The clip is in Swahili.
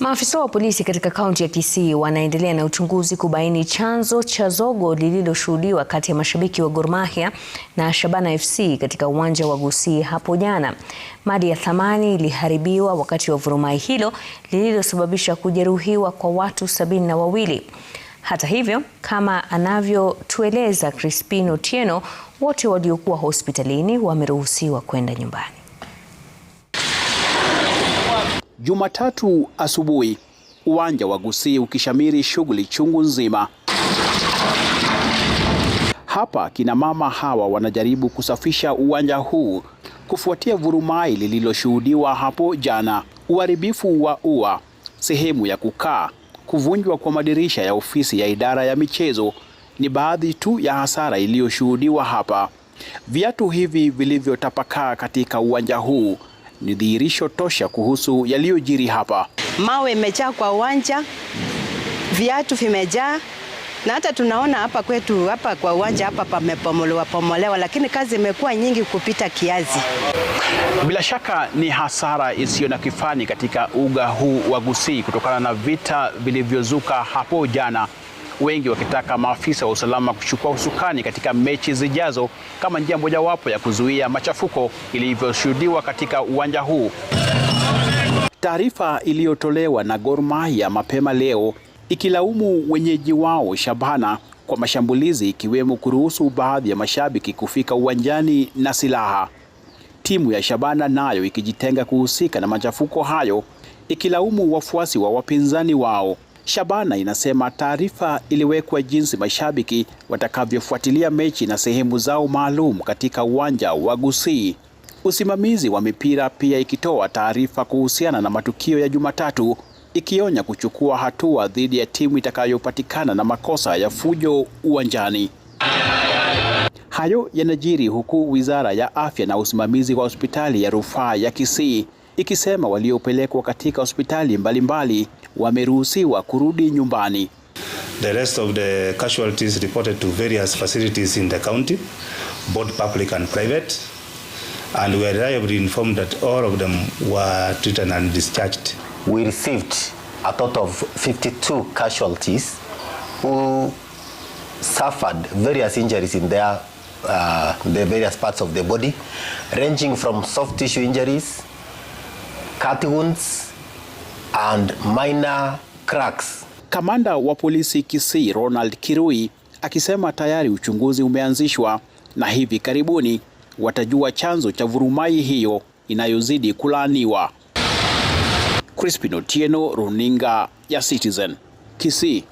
Maafisa wa polisi katika kaunti ya Kisii wanaendelea na uchunguzi kubaini chanzo cha zogo lililoshuhudiwa kati ya mashabiki wa Gor Mahia na Shabana FC katika uwanja wa Gusii hapo jana. Mali ya thamani iliharibiwa wakati wa vurumai hilo lililosababisha kujeruhiwa kwa watu sabini na wawili. Hata hivyo, kama anavyotueleza Crispino Tieno, wote waliokuwa hospitalini wameruhusiwa kwenda nyumbani. Jumatatu asubuhi, uwanja wa Gusii ukishamiri shughuli chungu nzima. Hapa kina mama hawa wanajaribu kusafisha uwanja huu kufuatia vurumai lililoshuhudiwa hapo jana, uharibifu wa ua, sehemu ya kukaa, kuvunjwa kwa madirisha ya ofisi ya idara ya michezo ni baadhi tu ya hasara iliyoshuhudiwa hapa. Viatu hivi vilivyotapakaa katika uwanja huu ni dhihirisho tosha kuhusu yaliyojiri hapa. Mawe imejaa kwa uwanja, viatu vimejaa, na hata tunaona hapa kwetu hapa kwa uwanja hapa pamepomolewa pomolewa, lakini kazi imekuwa nyingi kupita kiasi. Bila shaka ni hasara isiyo na kifani katika uga huu wa Gusii kutokana na vita vilivyozuka hapo jana wengi wakitaka maafisa wa usalama kuchukua usukani katika mechi zijazo kama njia mojawapo ya kuzuia machafuko ilivyoshuhudiwa katika uwanja huu. Taarifa iliyotolewa na Gor Mahia mapema leo ikilaumu wenyeji wao Shabana kwa mashambulizi ikiwemo kuruhusu baadhi ya mashabiki kufika uwanjani na silaha. Timu ya Shabana nayo ikijitenga kuhusika na machafuko hayo ikilaumu wafuasi wa wapinzani wao. Shabana inasema taarifa iliwekwa jinsi mashabiki watakavyofuatilia mechi na sehemu zao maalum katika uwanja wa Gusii. Usimamizi wa mipira pia ikitoa taarifa kuhusiana na matukio ya Jumatatu ikionya kuchukua hatua dhidi ya timu itakayopatikana na makosa ya fujo uwanjani. Hayo yanajiri huku Wizara ya Afya na usimamizi wa hospitali ya rufaa ya Kisii ikisema waliopelekwa katika hospitali mbalimbali wameruhusiwa kurudi nyumbani. The rest of the casualties reported to various facilities in the county, both public and private, and we are reliably informed that all of them were treated and discharged. We received a total of 52 casualties who suffered various injuries in their uh, the various parts of the body, ranging from soft tissue injuries cutouts and minor cracks. Kamanda wa polisi Kisii Ronald Kirui akisema tayari uchunguzi umeanzishwa na hivi karibuni watajua chanzo cha vurumai hiyo inayozidi kulaaniwa. Crispin Otieno, Runinga ya Citizen, Kisii.